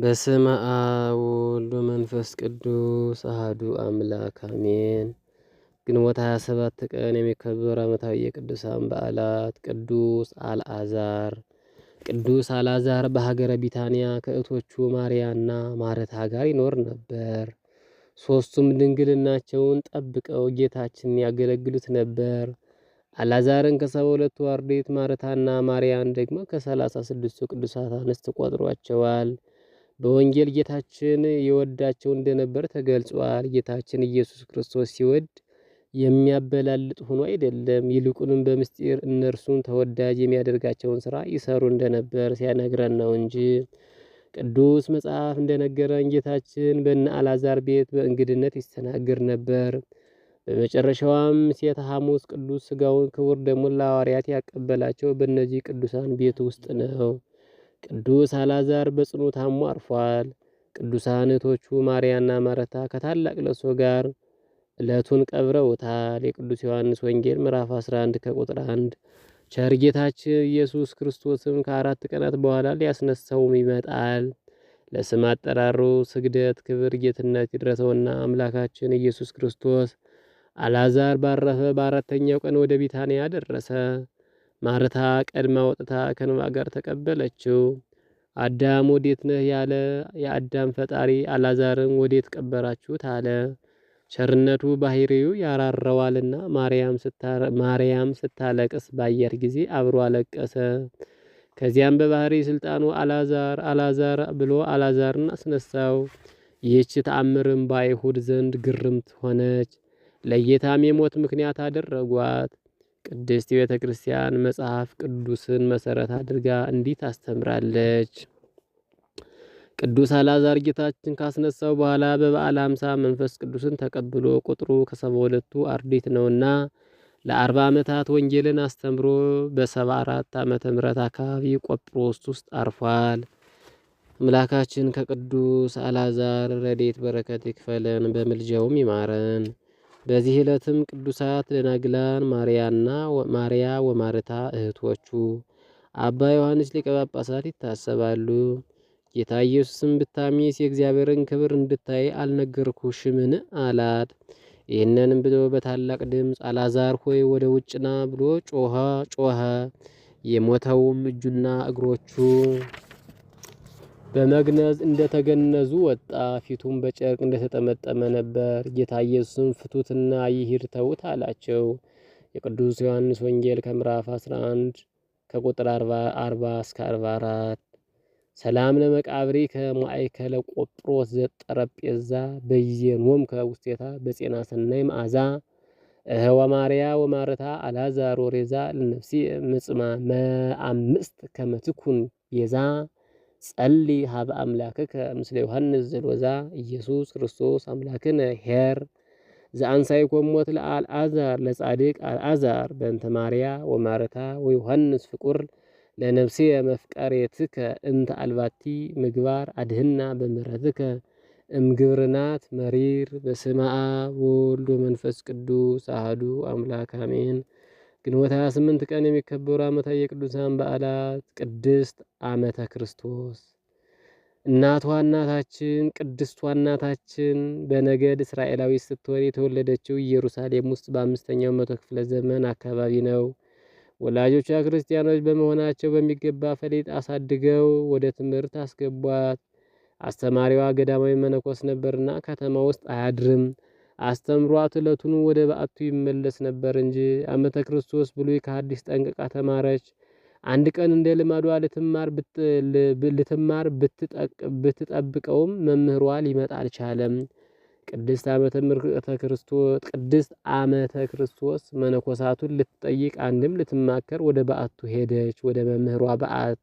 በስመ አብ ወወልድ ወመንፈስ ቅዱስ አሐዱ አምላክ አሜን። ግንቦት 27 ቀን የሚከበር ዓመታዊ የቅዱሳን በዓላት ቅዱስ አልዓዛር። ቅዱስ አልዓዛር በሀገረ ቢታንያ ከእህቶቹ ማርያና ማረታ ጋር ይኖር ነበር። ሦስቱም ድንግልናቸውን ጠብቀው ጌታችንን ያገለግሉት ነበር። አልዓዛርን ከሰባ ሁለቱ አርድእት ማረታና ማርያን ደግሞ ከሰላሳ ስድስቱ ቅዱሳት አንስት ቆጥሯቸዋል። በወንጌል ጌታችን የወዳቸው እንደነበር ተገልጿል። ጌታችን ኢየሱስ ክርስቶስ ሲወድ የሚያበላልጥ ሆኖ አይደለም፣ ይልቁንም በምስጢር እነርሱን ተወዳጅ የሚያደርጋቸውን ስራ ይሰሩ እንደነበር ሲያነግረን ነው እንጂ። ቅዱስ መጽሐፍ እንደነገረን ጌታችን በእነ አላዛር ቤት በእንግድነት ይስተናግር ነበር። በመጨረሻዋም ሴተ ሐሙስ ቅዱስ ስጋውን ክቡር ደሙን ለሐዋርያት ያቀበላቸው በእነዚህ ቅዱሳን ቤት ውስጥ ነው። ቅዱስ አላዛር በጽኑ ታሞ አርፏል። ቅዱሳን እህቶቹ ማርያና ማረታ ከታላቅ ለቅሶ ጋር ዕለቱን ቀብረውታል። የቅዱስ ዮሐንስ ወንጌል ምዕራፍ 11 ከቁጥር 1። ቸር ጌታችን ኢየሱስ ክርስቶስም ከአራት ቀናት በኋላ ሊያስነሳውም ይመጣል። ለስም አጠራሩ ስግደት፣ ክብር፣ ጌትነት ይድረሰውና አምላካችን ኢየሱስ ክርስቶስ አላዛር ባረፈ በአራተኛው ቀን ወደ ቢታንያ ደረሰ። ማርታ ቀድማ ወጥታ ከኖባ ጋር ተቀበለችው። አዳም ወዴት ነህ ያለ የአዳም ፈጣሪ አላዛርን ወዴት ቀበራችሁት አለ። ቸርነቱ ባህሪው ያራረዋልና ማርያም ስታለቅስ ባየር ጊዜ አብሮ አለቀሰ። ከዚያም በባህሪ ስልጣኑ አላዛር አላዛር ብሎ አላዛርን አስነሳው። ይህች ተአምርም በአይሁድ ዘንድ ግርምት ሆነች። ለጌታም የሞት ምክንያት አደረጓት። ቅድስት ቤተ ክርስቲያን መጽሐፍ ቅዱስን መሰረት አድርጋ እንዲህ ታስተምራለች። ቅዱስ አላዛር ጌታችን ካስነሳው በኋላ በበዓለ ሃምሳ መንፈስ ቅዱስን ተቀብሎ ቁጥሩ ከሰባ ሁለቱ አርድእት ነውና ለአርባ ዓመታት ወንጌልን አስተምሮ በሰባ አራት ዓመተ ምህረት አካባቢ ቆጵሮስ ውስጥ አርፏል። አምላካችን ከቅዱስ አላዛር ረዴት በረከት ይክፈለን፣ በምልጃውም ይማረን። በዚህ ዕለትም ቅዱሳት ደናግላን ማርያና ማርያ ወማርታ እህቶቹ አባ ዮሐንስ ሊቀ ጳጳሳት ይታሰባሉ። ጌታ ኢየሱስም ብታሚስ የእግዚአብሔርን ክብር እንድታይ አልነገርኩሽምን አላት። ይህንንም ብሎ በታላቅ ድምፅ አላዛር ሆይ ወደ ውጭና ብሎ ጮኸ ጮኸ። የሞተውም እጁና እግሮቹ በመግነዝ እንደተገነዙ ወጣ፣ ፊቱም በጨርቅ እንደተጠመጠመ ነበር። ጌታ ኢየሱስም ፍቱትና ይሂድ ተዉት አላቸው። የቅዱስ ዮሐንስ ወንጌል ከምዕራፍ 11 ከቁጥር 40 እስከ 44። ሰላም ለመቃብሪ ከማእከለ ቆጵሮስ ዘጠረጴዛ በይዜኖም ከውስቴታ በጼና ሰናይ መዓዛ እህዋ ማርያ ወማርታ አላዛሮ ሬዛ ለነፍሲ ምጽማ መአምስት ከመትኩን የዛ ጸሊ ሀበ አምላክከ ምስለ ዮሐንስ ዘልወዛ ኢየሱስ ክርስቶስ አምላክነ ሄር ዘአንሳይኮም ሞት ለአልዓዛር ለጻድቅ አልአዛር በእንተ ማርያ ወማርታ ወዮሐንስ ፍቁር ለነፍሴ መፍቀሬትከ እንተ አልባቲ ምግባር አድህና በምህረትከ እምግብርናት መሪር በስመ አብ ወወልድ ወመንፈስ ቅዱስ አሐዱ አምላክ አሜን። ግንቦት 28 ቀን የሚከበሩ ዓመታዊ የቅዱሳን በዓላት ቅድስት ዓመተ ክርስቶስ እናቷ እናታችን ቅድስቷ እናታችን በነገድ እስራኤላዊ ስትሆን የተወለደችው ኢየሩሳሌም ውስጥ በአምስተኛው መቶ ክፍለ ዘመን አካባቢ ነው። ወላጆቿ ክርስቲያኖች በመሆናቸው በሚገባ ፈሊጥ አሳድገው ወደ ትምህርት አስገቧት። አስተማሪዋ ገዳማዊ መነኮስ ነበርና ከተማ ውስጥ አያድርም። አስተምሯት ዕለቱን ወደ በዓቱ ይመለስ ነበር እንጂ አመተ ክርስቶስ ብሉይ ከሐዲስ ጠንቅቃ ተማረች። አንድ ቀን እንደ ልማዷ ልትማር ልትማር ብትጠብቀውም መምህሯ ሊመጣ አልቻለም። ቅድስት አመተ ክርስቶስ ቅድስት አመተ ክርስቶስ መነኮሳቱን ልትጠይቅ አንድም ልትማከር ወደ በዓቱ ሄደች። ወደ መምህሯ በዓት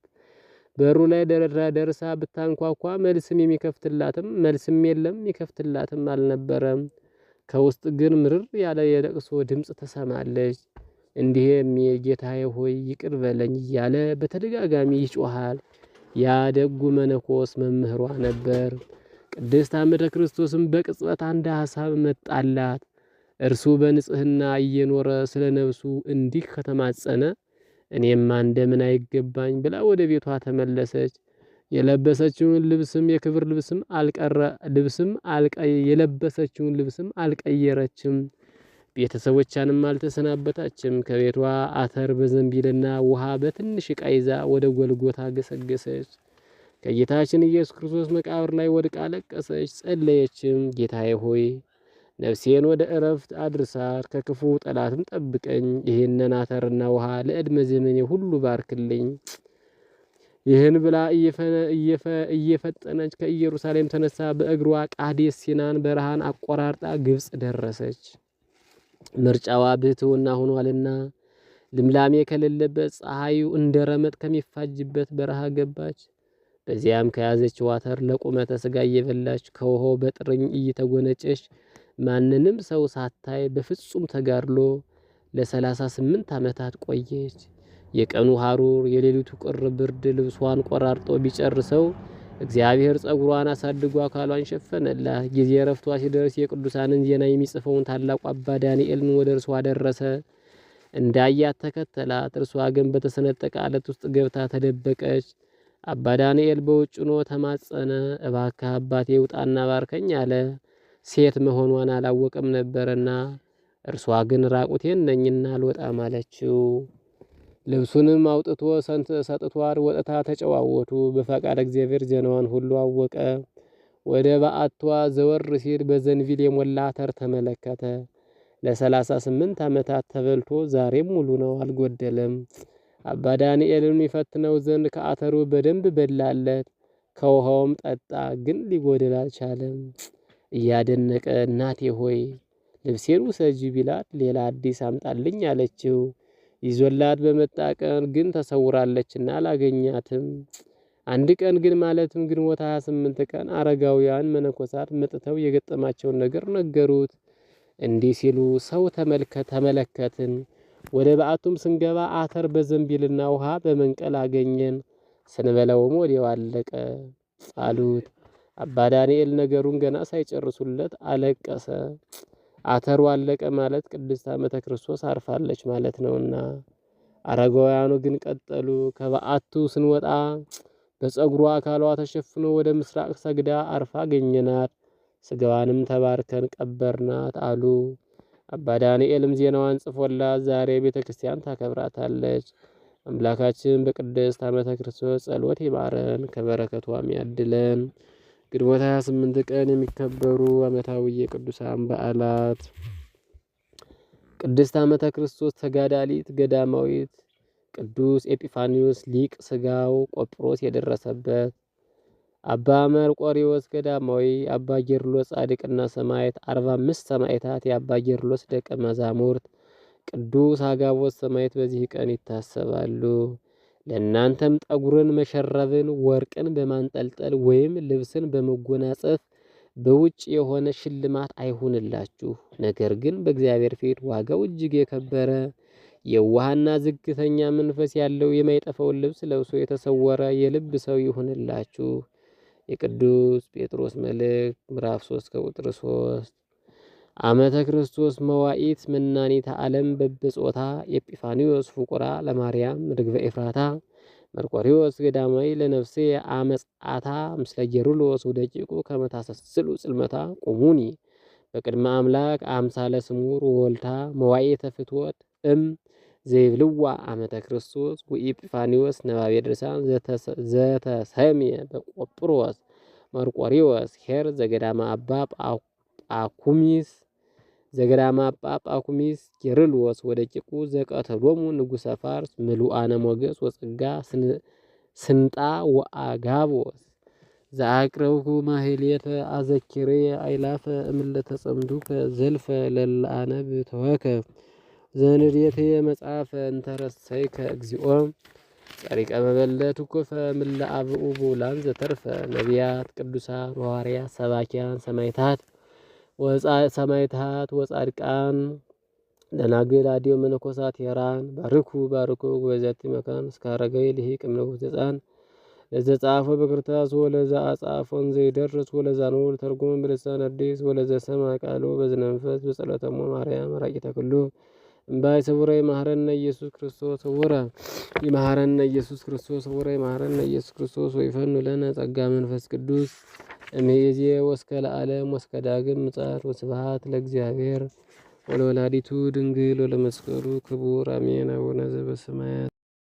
በሩ ላይ ደርሳ ብታንኳኳ መልስም የሚከፍትላትም መልስም የለም፣ የሚከፍትላትም አልነበረም። ከውስጥ ግን ምርር ያለ የለቅሶ ድምፅ ትሰማለች። እንዲህም የጌታዬ ሆይ ይቅር በለኝ እያለ በተደጋጋሚ ይጮሃል። ያ ደጉ መነኮስ መምህሯ ነበር። ቅድስት አምደ ክርስቶስም በቅጽበት አንድ ሐሳብ መጣላት። እርሱ በንጽህና እየኖረ ስለ ነብሱ እንዲህ ከተማጸነ እኔማ እንደምን አይገባኝ ብላ ወደ ቤቷ ተመለሰች። የለበሰችውን ልብስም የክብር ልብስም አልቀረ ልብስም የለበሰችውን ልብስም አልቀየረችም። ቤተሰቦቿንም አልተሰናበታችም። ከቤቷ አተር በዘንቢልና ውሃ በትንሽ ዕቃ ይዛ ወደ ጎልጎታ ገሰገሰች። ከጌታችን ኢየሱስ ክርስቶስ መቃብር ላይ ወድቃ ለቀሰች ጸለየችም። ጌታዬ ሆይ ነፍሴን ወደ እረፍት አድርሳት፣ ከክፉ ጠላትም ጠብቀኝ። ይህንን አተርና ውሃ ለዕድሜ ዘመኔ ሁሉ ባርክልኝ። ይህን ብላ እየፈጠነች ከኢየሩሳሌም ተነሳ። በእግሯ ቃዴስ ሲናን በረሃን አቆራርጣ ግብፅ ደረሰች። ምርጫዋ ብህትውና ሆኗልና ልምላሜ ከሌለበት ፀሐዩ እንደ ረመጥ ከሚፋጅበት በረሃ ገባች። በዚያም ከያዘች ዋተር ለቁመተ ስጋ እየበላች ከውሃው በጥርኝ እየተጎነጨች ማንንም ሰው ሳታይ በፍጹም ተጋድሎ ለሰላሳ ስምንት ዓመታት ቆየች። የቀኑ ሐሩር የሌሊቱ ቁር ብርድ ልብሷን ቆራርጦ ቢጨርሰው እግዚአብሔር ጸጉሯን አሳድጎ አካሏን ሸፈነላት። ጊዜ ረፍቷ ሲደርስ የቅዱሳንን ዜና የሚጽፈውን ታላቁ አባ ዳንኤልን ወደ እርሷ ደረሰ። እንዳያት ተከተላት። እርሷ ግን በተሰነጠቀ አለት ውስጥ ገብታ ተደበቀች። አባ ዳንኤል በውጭ ኖ ተማጸነ። እባክህ አባቴ ውጣና ባርከኝ አለ። ሴት መሆኗን አላወቅም ነበርና እርሷ ግን ራቁቴን ነኝና አልወጣም አለችው። ልብሱንም አውጥቶ ሰጥቷር ወጥታ ተጨዋወቱ። በፈቃድ እግዚአብሔር ዜናዋን ሁሉ አወቀ። ወደ በዓቷ ዘወር ሲል በዘንቢል የሞላ አተር ተመለከተ። ለሰላሳ ስምንት ዓመታት ተበልቶ ዛሬም ሙሉ ነው፣ አልጎደለም። አባ ዳንኤልን ይፈትነው ዘንድ ከአተሩ በደንብ በላለት፣ ከውሃውም ጠጣ፣ ግን ሊጎድል አልቻለም። እያደነቀ እናቴ ሆይ ልብሴን ውሰጂ ቢላት ሌላ አዲስ አምጣልኝ አለችው። ይዞላት በመጣ ቀን ግን ተሰውራለችና አላገኛትም። አንድ ቀን ግን ማለትም ግንቦት 28 ቀን አረጋውያን መነኮሳት መጥተው የገጠማቸውን ነገር ነገሩት። እንዲህ ሲሉ ሰው ተመለከትን። ወደ በዓቱም ስንገባ አተር በዘንቢልና ውሃ በመንቀል አገኘን። ስንበላውም ወዲያው አለቀ አሉት። አባ ዳንኤል ነገሩን ገና ሳይጨርሱለት አለቀሰ። አተሩ አለቀ ማለት ቅድስት ዓመተ ክርስቶስ አርፋለች ማለት ነውና አረጋውያኑ ግን ቀጠሉ። ከበዓቱ ስንወጣ በፀጉሩ አካሏ ተሸፍኖ ወደ ምስራቅ ሰግዳ አርፋ አገኘናት። ስጋዋንም ተባርከን ቀበርናት አሉ። አባ ዳንኤልም ዜናዋን ጽፎላት ዛሬ ቤተ ክርስቲያን ታከብራታለች። አምላካችን በቅድስት ዓመተ ክርስቶስ ጸሎት ይማረን፣ ከበረከቷም ያድለን። ግንቦት 28 ቀን የሚከበሩ ዓመታዊ የቅዱሳን በዓላት ቅድስት ዓመተ ክርስቶስ ተጋዳሊት ገዳማዊት፣ ቅዱስ ኤጲፋኒዎስ ሊቅ ሥጋው ቆጵሮስ የደረሰበት፣ አባ መርቆሪዎስ ገዳማዊ፣ አባ ጌርሎስ ጻድቅና ሰማዕት፣ 45 ሰማዕታት የአባ ጌርሎስ ደቀ መዛሙርት ቅዱስ አጋቦት ሰማዕት በዚህ ቀን ይታሰባሉ። ለእናንተም ጠጉርን መሸረብን፣ ወርቅን በማንጠልጠል ወይም ልብስን በመጎናጸፍ በውጭ የሆነ ሽልማት አይሁንላችሁ። ነገር ግን በእግዚአብሔር ፊት ዋጋው እጅግ የከበረ የዋሃና ዝግተኛ መንፈስ ያለው የማይጠፋውን ልብስ ለብሶ የተሰወረ የልብ ሰው ይሁንላችሁ። የቅዱስ ጴጥሮስ መልእክት ምዕራፍ 3 ከቁጥር 3 አመተ ክርስቶስ መዋኢት መናኔታ ዓለም በብጾታ ኤጲፋኒዎስ ፍቁራ ለማርያም ርግበ ኤፍራታ መርቆሪዎስ ገዳማዊ ለነፍሴ አመጽአታ ምስለ ጌሩሎስ ወደቂቁ ከመታሰስሉ ጽልመታ ቁሙኒ በቅድመ አምላክ አምሳለ ስሙር ወልታ መዋኢተ ፍትወት እም ዘይብልዋ አመተ ክርስቶስ ወኢጲፋኒዎስ ነባቤ ድርሳን ዘተሰሜ በቆጵሮስ መርቆሪዎስ ሄር ዘገዳማ አባ አኩሚስ ዘገዳማ ጳጳኩሚስ ጳኩሚስ ወደቂቁ ዘቀተሎሙ ንጉሰ ፋርስ ምሉአነ ሞገስ ወጸጋ ስንጣ ወአጋቦስ ዘአቅረብኩ ማህሌተ አዘኪሬ አይላፈ እምለተ ጸምዱከ ዘልፈ ለላአነብ ተወከ ዘንዴት መጽሐፈ እንተረሰይከ እግዚኦ ጸሪቀ መበለት ኮፈ ምለአብኡ ቡላን ዘተርፈ ነቢያት ቅዱሳን ሐዋርያት ሰባኪያን ሰማይታት ሰማይታት ወጻድቃን ደናግል አዲዮ መነኮሳት የራን ባርኩ ባርኩ በዛቲ መካን እስከ አረጋዊ ልሂቅ እምንጉስ ዘጻን ለዘ ጻፎ በክርታስ ወለዛ አጻፎን ዘይደርስ ወለዛ ነው ተርጉም ብልሳን አዲስ ወለዘ ሰማ ቃሉ በዝነንፈስ በጸሎተሞ ማርያም ራቂተ ኩሉ እምባይ ሰውረ ይማህረነ ኢየሱስ ክርስቶስ ሰውረ ይማህረነ ኢየሱስ ክርስቶስ ሰውረ ይማህረነ ኢየሱስ ክርስቶስ ወይፈኑ ለነ ጸጋ መንፈስ ቅዱስ እምይእዜ ወእስከ ለዓለም ወእስከ ዳግም ምጽአት ወስብሐት ለእግዚአብሔር ወለወላዲቱ ድንግል ወለመስቀሉ ክቡር አሜን። አቡነ ዘበሰማያት